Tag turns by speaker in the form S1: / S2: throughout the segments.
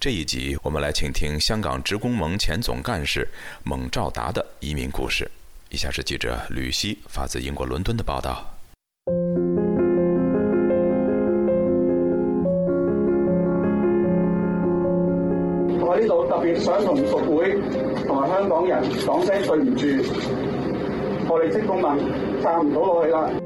S1: 這一集，我們來傾聽香港職工盟前總幹事蒙兆達的移民故事。以下是記者呂希發自英國倫敦的報道。我喺呢度特別想同屬會同埋香港人講聲對唔住，我哋
S2: 職工盟站唔到落去啦。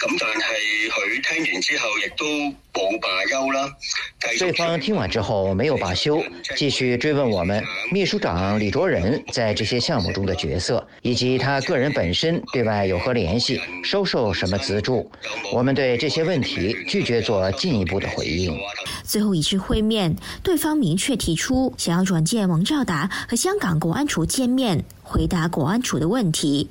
S1: 咁但係佢聽完之後，亦都冇罷休啦。對方聽完之後沒有罷休，繼續追問我們秘書長李卓人在這些項目中的角色，以及他個人本身對外有何聯繫，收受什麼資助。我們對這些問題拒絕做進一步的回應。
S2: 最後一次會面，對方明確提出想要轉介蒙兆達和香港國安處見面，回答國安處的問題。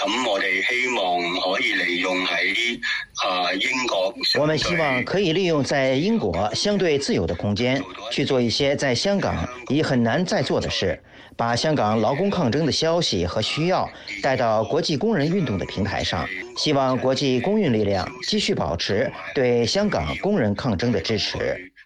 S1: 咁我哋希望可以利用喺啊英國，我們希望可以利用在英國相對自由的空間，去做一些在香港已很難再做的事，把香港勞工抗爭的消息和需要帶到國際工人運動的平台上，希望國際工運力量繼續保持對香港工人抗爭的支持。